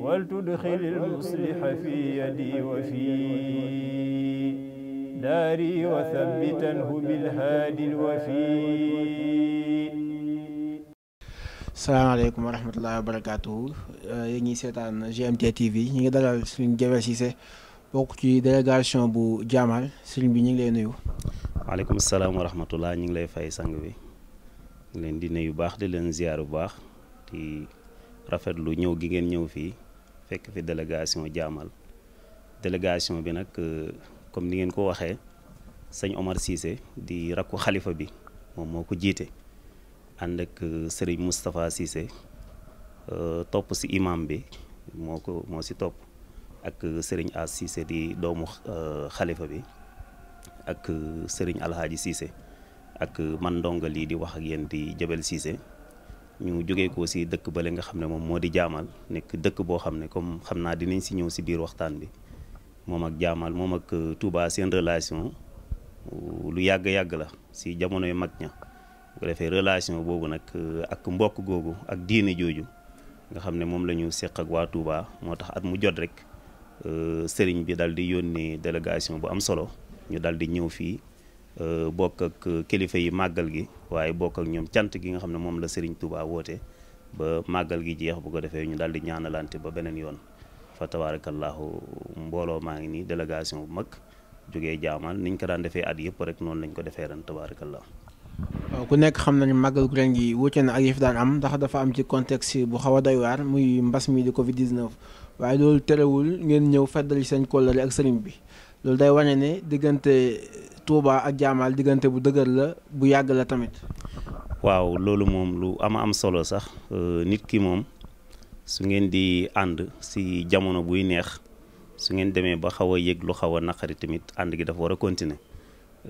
ولتدخل المصلح في يدي وفي داري وثبتنه بالهادي ñu ngi dalal Serigne Diawer Cissé ci délégation bu Jaamal Serigne bi ñu ngi lay nuyu. waaleykum salaam wa rahmatullah ñu ngi lay fay sang bi ngi leen di nuyu baax di leen ziar bu baax di rafetlu ñëw gi ngeen ñëw fii fekk fi délégation jaamal délégation bi nag euh, comme ni ngeen ko waxee sëñ Omar Cissé di rakku xalifa bi moom moo ko jiite ànd ak euh, sëriñ Moustapha Cissé euh, topp si imam bi moo ko moo si topp ak sëriñ As Cissé di doomu xalifa bi ak sëriñ Alhaaji Cissé ak man ndonga lii di wax ak yéen di Jabel Cissé ñu jógee ko si dëkk ba bale nga xam ne moom moo di jaamal nekk dëkk boo xam ne comme xam naa dinañ si ñëw si biir waxtaan bi moom ak jaamal moom ak euh, Touba seen relation euh, lu yàgg-yàgg la si jamonoy mag ña bu defee relation boobu nag euh, ak mbokk googu ak diine jooju nga xam ne moom la ñu seq ak waa tuubaa moo tax at mu jot rek sëriñ bi daal di yónnee délégation bu am solo ñu daal di ñëw fii Euh, bokk ak euh, kilifa yi màggal gi waaye bokk ak ñoom cant gi nga xam ne moom la Serigne Touba woote ba màggal gi jeex bu ko defee ñu daal di ñaanalante ba beneen yoon fa tabaarakallaahu mbooloo maa ngi nii délégation bu mag jógee jaamal niñ ko daan defee at yëpp rek noonu lañ ko defee ren tabaarakallaahu waaw ku nekk xam nañu màggal gu ren gi na ak yëf daan am ndax dafa am ci contexte bu xaw a doy waar muy mbas mii di Covid 19 waaye loolu terewul ngeen ñëw feddali seen kóllëre ak sëriñ bi loolu day Touba ak Jaamaal diggante bu dëgër la bu yàgg la tamit. waaw loolu moom lu ama am solo sax euh, nit ki moom su ngeen di ànd si jamono buy neex su ngeen demee ba xaw a yëg lu xaw a naqari tamit ànd gi dafa war a continuer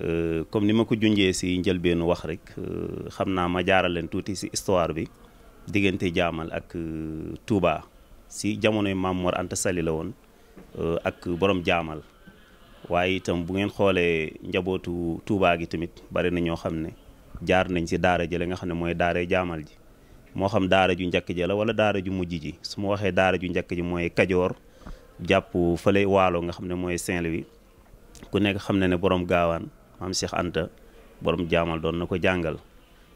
euh, comme ni ma ko junjee si njëlbeenu wax rek euh, xam naa ma jaaral leen tuuti si histoire bi diggante Jaamal ak tuubaa si jamonoy Maam Mor Anta la woon ak borom Jaamal. waaye itam bu ngeen xoolee njabootu Touba gi tamit bari na ñoo xam ne jaar nañ si daara jële nga xam ne mooy daara jaamal ji moo xam daara ju njëkk ji la wala daara ju mujj ji su ma waxee daara ju njëkk ji mooy Kajoor jàpp fële waalo nga xam ne mooy Saint-Louis ku nekk xam ne ne borom gaawaan maam Cheikh Anta borom jaamal doon na ko jàngal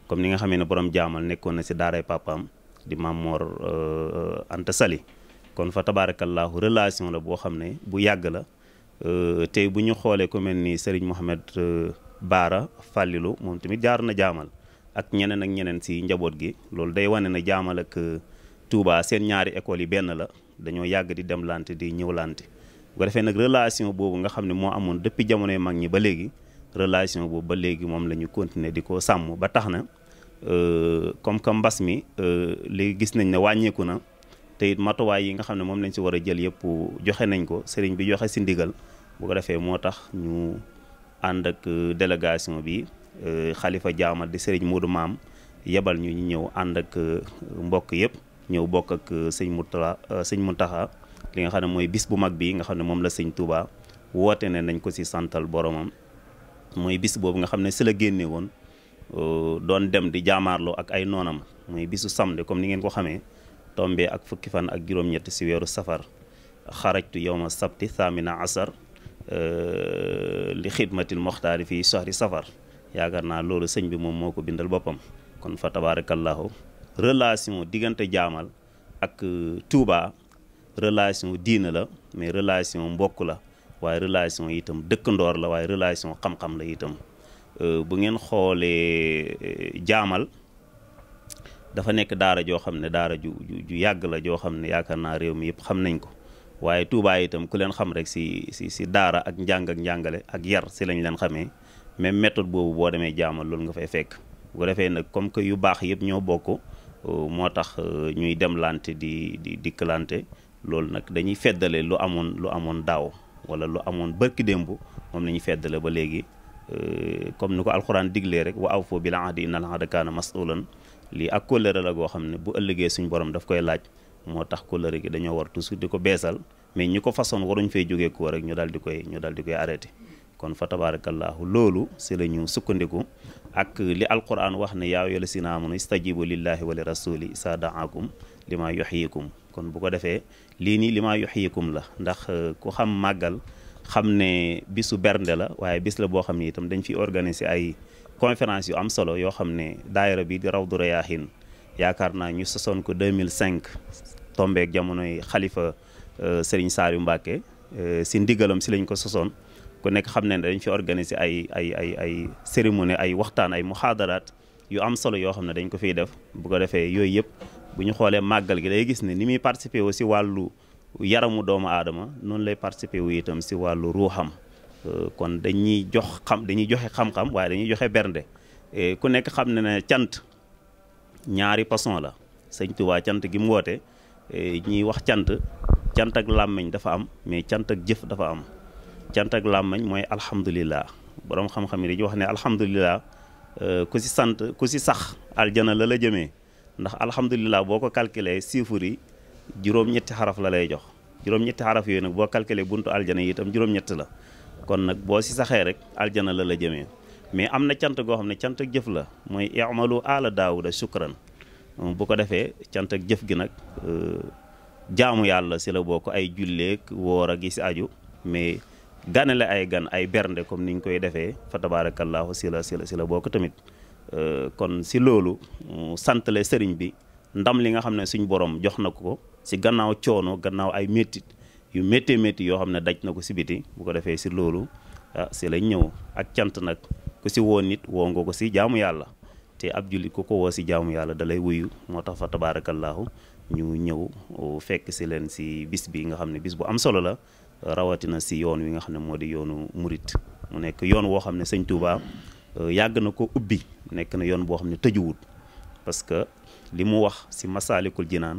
comme ni nga xamee ne borom jaamal nekkoon na si daaray papaam di maam Mor euh, Anta Sali kon fa tabaarakallaahu relation la boo xam ne bu yàgg la. Euh, tey bu ñu xoolee ku mel ni Serigne Mohamed euh, Baara Fàllilu moom tamit jaar na jaamal ak ñeneen ak ñeneen si njaboot gi loolu day wane na jaamal ak euh, Touba seen ñaari écoles yi benn la dañoo yàgg di dem lante di ñëw lante bu ko defee nag relation boobu nga xam ne moo amoon depuis jamonoy mag ñi ba léegi relation boobu ba léegi moom la ñu continuer di ko sàmm ba tax na comme que mbas mi léegi gis nañ ne wàññeeku na. te it matuwaay yi nga xam ne moom lañ si war a jël yëpp joxe nañ ko sëriñ bi joxe si ndigal bu ko defee moo tax ñu ànd ak euh, délégation bi xalifa euh, jaamal di sëriñ Moodu Maam yebal ñu ñëw ànd ak euh, mbokk yëpp ñëw bokk ak sëñ Murtala sëñ Muntaxa li nga xam ne mooy bis bu mag bi nga xam ne moom la sëñ Touba woote ne nañ ko si santal boromam mooy bis boobu nga xam ne si la génne woon doon dem di jaamaarloo ak ay noonam mooy bisu samedi comme ni ngeen ko xamee tombee ak fukki fan ak juróom-ñett si weeru safar xarajtu yowma sabti thamina asar euh, li xidmatil moxtaari fii soxri safar yaakaar naa loolu sëñ bi moom moo ko bindal boppam kon fa tabarakallahu relation diggante jaamal ak euh, Touba relation diina la mais relation mbokk la waaye relation itam dëkkandoor la waaye relation xam-xam la itam euh, bu ngeen xoolee jaamal dafa nekk daara joo xam ne daara ju ju yàgg la joo xam ne yaakaar naa réew mi yëpp xam nañ ko waaye Touba itam ku leen xam rek si si si daara ak njàng ak njàngale ak yar si lañ leen xamee même méthode boobu boo demee jaamal loolu nga fay fekk bu ko defee nag comme que yu baax yëpp ñoo bokk euh, moo tax euh, ñuy dem lante di di dikkalante loolu nag dañuy feddale lu amoon lu amoon daaw wala lu amoon bërki démb moom la ñuy feddale ba léegi Euh, comme ni ko alxuraan diglee rek wa aw awfu bil ahdi innal ahda kaana masulan lii ak kóllëre la goo xam ne bu ëllëgee suñ borom daf koy laaj moo tax kóllëre gi dañoo war toujours di ko beesal mais ñi ko façon waruñ fay jógee koo rek ñu daal di koy ñu daal di koy arrêté kon fa tabaarakallaahu loolu si la ñu sukkandiku ak li alquran wax ne yaa ayyuhal lazina aamanu istajibu lillahi wa li rasuli isaa daakum li maa yuxyikum kon bu ko defee lii nii li maa yuxyikum la ndax ku xam màggal xam ne bisu bernde la waaye bis la boo xam ne itam dañ fi organiser ay conférence yu am solo yoo xam ne daayira bi di Rawdu Rayaahin yaakaar naa ñu sosoon ko 2005 tombeek jamonoy xalifa euh, Serigne Saliou Mbacké euh, si ndigalam si lañ ko sosoon ku nekk xam ne dañ fi organiser ay ay ay ay cérémonie ay waxtaan ay muxaadaraat yu am solo yoo xam ne dañ ko fiy def bu ko defee yooyu yëpp bu ñu xoolee màggal gi day gis ne ni muy participer aussi wàllu yaramu doomu aadama noonu lay participer wu itam si wàllu ruuxam euh, kon dañuy jox xam dañuy joxe xam-xam waaye dañuy joxe bernde ku nekk xam ne ne cant ñaari façon la sëñ Tuubaa cant gi mu woote ñuy wax cant cant ak làmmiñ dafa am mais cant ak jëf dafa am cant ak làmmiñ mooy alhamdulilah boroom xam-xam yi dañuy wax ne alhamdulilah euh, ku si sant ku si sax aljana la la jëmee ndax alhamdulilah boo ko calculé chiffre yi juróom-ñetti xaraf la lay jox juróom-ñetti xaraf yooyu nag boo calculé buntu aljana yi itam juróom-ñett la kon nag boo si saxee rek aljana la la jëmee mais am na cant goo xam ne cant ak jëf la mooy i'malu aala daawuda shukran bu ko defee cant ak jëf gi nag euh, jaamu yàlla si la boo ko ay julleeg woor a si aju mais ganale ay gan ay bernde comme niñ koy defee fa tabaarakallaahu si la si la si la bokk tamit euh, kon si loolu santale sëriñ bi ndam li nga xam ne suñ borom jox na ko si gannaaw coono gannaaw ay méttit yu méttee métti yoo xam ne daj na ko si biti bu ko defee si loolu ah si lañ ñëw ak cant nag ku si woon nit woo nga ko si jaamu yàlla te ab jullit ko ko woo si jaamu yàlla dalay wuyu moo tax fa tabaarakallaahu ñu ñëw oh, fekk si leen si bis bi nga xam ne bis bu am solo la rawatina si yoon wi nga xam ne moo di yoonu murit mu nekk yoon woo xam ne sëñ Touba oh, yàgg na ko ubbi nekk na yoon boo xam ne tëjuwut parce que li mu wax si masaalikul jinaan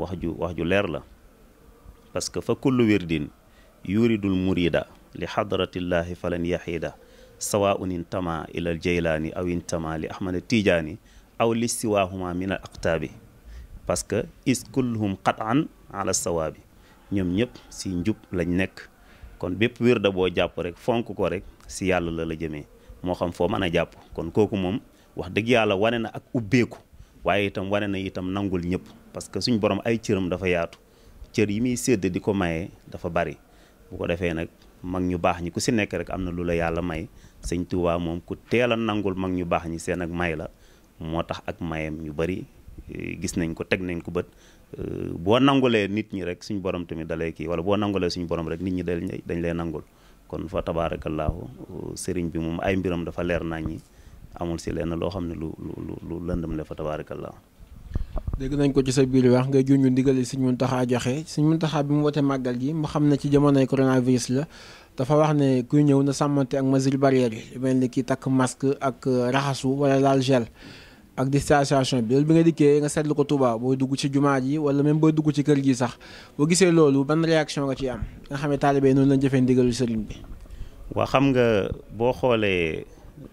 wax ju wax ju leer la parce que fa kullu wirdin yuridul murida li xadratillaahi falan yaxiida sawaun intama ila al jaylaani aw intama li ahmada tijaani aw li siwaahuma min al aqtaabi que is kulluhum qataan ala sawaabi ñoom ñëpp si njub lañ nekk kon bépp wirda boo jàpp rek fonk ko rek si yàlla la la jëmee moo xam foo mën a jàpp kon kooku moom wax dëgg yàlla wane na ak ubbeeku waaye itam wane na itam nangul ñëpp parce que suñ borom ay cëram dafa yaatu cër yi muy sedd di ko maye dafa bari bu ko defee nag mag ñu baax ñi ku si nekk rek am na lu la yàlla may sëñ Tuubaa moom ku teel a nangul mag ñu baax ñi seen ak may la moo tax ak mayam ñu bari e, gis nañ ko teg nañ ko bët e, boo nangulee nit ñi rek suñ borom tamit dalay kii wala boo nangulee suñ borom rek nit ñi dañ lay nangul kon fa tabaarakallaahu e, sëriñ bi moom ay mbiram dafa leer nañ ñi amul si lenn loo xam ne lu lu lu lëndëm la fa tabaarakallah dégg nañ ko ci sa biir wax ngay junj ndigal yi Sëriñ Muntaxa joxe Sëriñ taxaa bi mu wote màggal gi mu xam ne ci jamonoy coronavirus la dafa wax ne kuy ñëw na sàmmante ak mesure barrière yi mel ni kii takk masque ak euh, raxasu wala laal gel ak distanciation bi loolu bi nga dikkee nga seetlu ko Touba boo dugg ci jumaa ji wala même boo dugg ci kër gi sax boo gisee loolu ban réaction nga ci am nga xam ne taalibe noonu lañ jëfee bi. waa xam nga boo xoolee.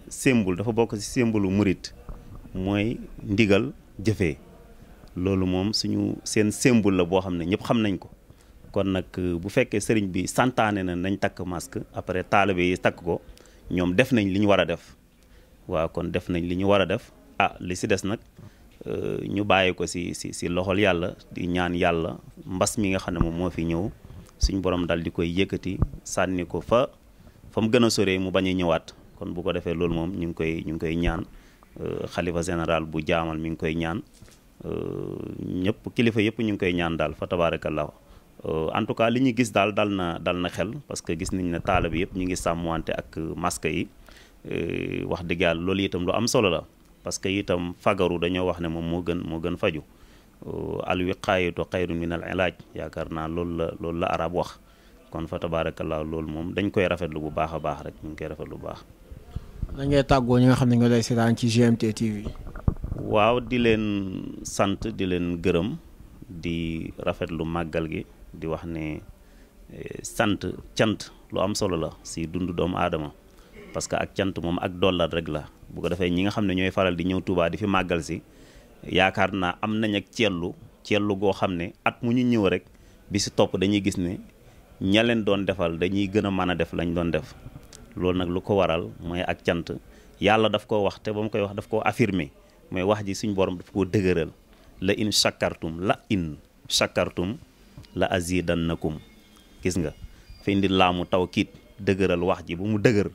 symbole dafa bokk ci symbole murit mooy ndigal jëfee loolu moom suñu seen symbole la boo xam ne ñëpp xam nañ ko kon nag euh, bu fekkee sëriñ bi santaane na nañ takk masque après taalibe yi takk ko ñoom def nañ li ñu war a def waaw kon def nañ li ñu war a def ah li si des nag euh, ñu bàyyi ko si si ci loxol yàlla di ñaan yàlla mbas mi nga xam ne moom moo fi ñëw suñ borom dal di koy yëkkati sànni ko fa fa mu gën a sore mu bañ ñëwaat kon bu ko defee loolu moom ñu ngi koy ñu ngi koy ñaan euh, xalifa général bu jaamal mi ngi koy ñaan euh, ñëpp kilifa yëpp ñu ngi koy ñaan daal fa tabaarakallaahu euh, en tout cas li ñu gis daal dal na dal na xel parce que gis nañ ne taala bi yëpp ñu ngi sàmmuwante ak masque yi wax dëgg yàlla loolu itam lu am solo la parce que itam fagaru dañoo wax ne moom moo gën moo gën faju al wiqaayatu xayrun min al ilaaj yaakaar naa loolu la loolu la arab wax kon fa tabaarakallaahu loolu moom dañ koy rafetlu bu baax a baax ñu ngi koy rafetlu bu baax la ngay tàggoo ñi nga xam ne ñoo lay seetaan ci GMT TV. waaw di leen sant di leen gërëm di rafetlu màggal gi di wax ne eh, sant cant lu am solo la si dundu doomu aadama parce que ak cant moom ak dollar rek la bu ko defee ñi nga xam ne ñooy faral di ñëw Touba di fi màggal si yaakaar naa am nañ ak cellu cellu goo xam ne at mu ñu ñëw rek bi si topp dañuy gis ne ña leen doon defal dañuy gën a mën a def lañ doon def loolu nag lu ko waral mooy ak cant yàlla daf koo wax te ba mu koy wax daf koo affirmer mooy wax ji suñu borom daf koo dëgëral la in shakartum la in shakartum la azidannakum gis nga fa indi laamu kiit dëgëral wax ji bu mu dëgër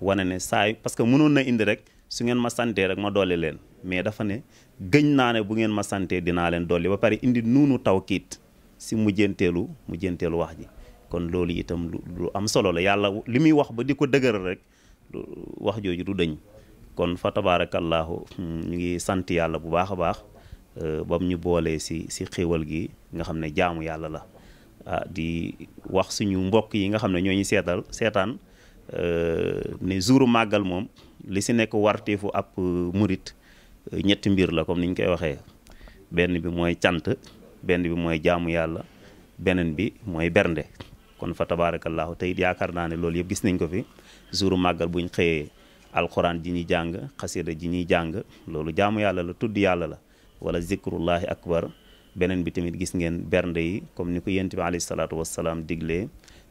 wane ne saa parce que mënoon na indi rek su ngeen ma santee rek ma doole leen mais dafa ne gëñ naa ne bu ngeen ma santee dinaa leen dolli ba pare indi nuunu kiit si mujjanteelu mujjanteelu wax ji kon loolu itam lu am solo la yàlla li muy wax ba di ko dëgëral rek wax jooju du dëñ kon fa tabaarakallaahu hmm, ñu ngi sant yàlla bu baax a baax euh, bam ñu boolee si si xéwal gi nga xam ne jaamu yàlla la ah, di wax suñu mbokk yi nga xam ne ñoo ñu seetal seetaan euh, ni jouru màggal moom li si nekk warteefu ab euh, murit ñetti mbir la comme ni ñu koy waxee benn bi mooy cant benn bi mooy jaamu yàlla beneen bi mooy bernde kon fa tabaarakallaahu te it yaakaar naa ne loolu yëpp gis nañ ko fi jouru màggal buñ xëyee alxuraan ji ñuy jàng xasida ji ñuy jàng loolu jaamu yàlla la tudd yàlla la wala zikrullahi akbar beneen bi tamit gis ngeen bernde yi comme ni ko yent bi alayhi salaatu wasalaam diglee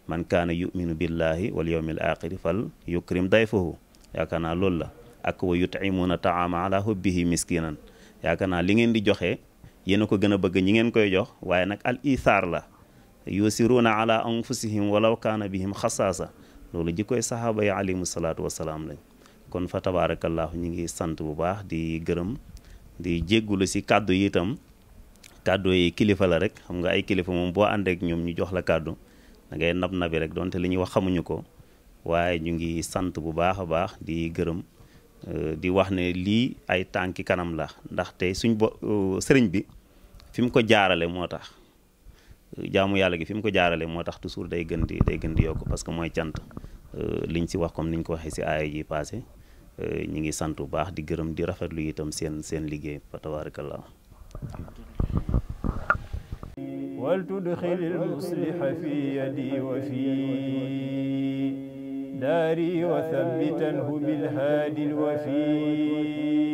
man kaana yuminu billahi wal yawmil axiri fal yukrim dayfahu yaakaar naa loolu la ak wa yutimuuna taama ala hubbihi miskinan yaakaar naa li ngeen di joxe yéen a ko gën a bëgg ñi ngeen koy jox waaye nag al la yusiruuna ala anfusihim walaw kaana bihim xasaasa loolu jikkoy saxaaba yi alayhimu salaatu wasalaam lañ kon fa tabaarakallaahu ñu ngi sant bu baax di gërëm di jéggulu si kàddu yi itam kàddu yi kilifa rek xam nga ay kilifa moom boo àndeek ñoom ñu jox la kàddu da nab nabi rek donte li ñuy wax xamuñu ko waaye ñu ngi sant bu baax a baax di gërëm euh, di wax ne lii ay tànki kanam la ndaxte suñ bo euh, sëriñ bi fi ko jaarale moo tax jaamu yàlla gi fi mu ko jaarale moo tax toujours day gën di day gën di yokk parce que mooy cant euh, liñ si wax comme niñ ko waxee si aaya ji passé euh, ñi ngi sant bu baax di gërëm di rafetlu itam seen seen liggéey fa tabarakallah wal tudxilil musliha fi yadi wa fi daari wa thabbitanhu bil haadil wafi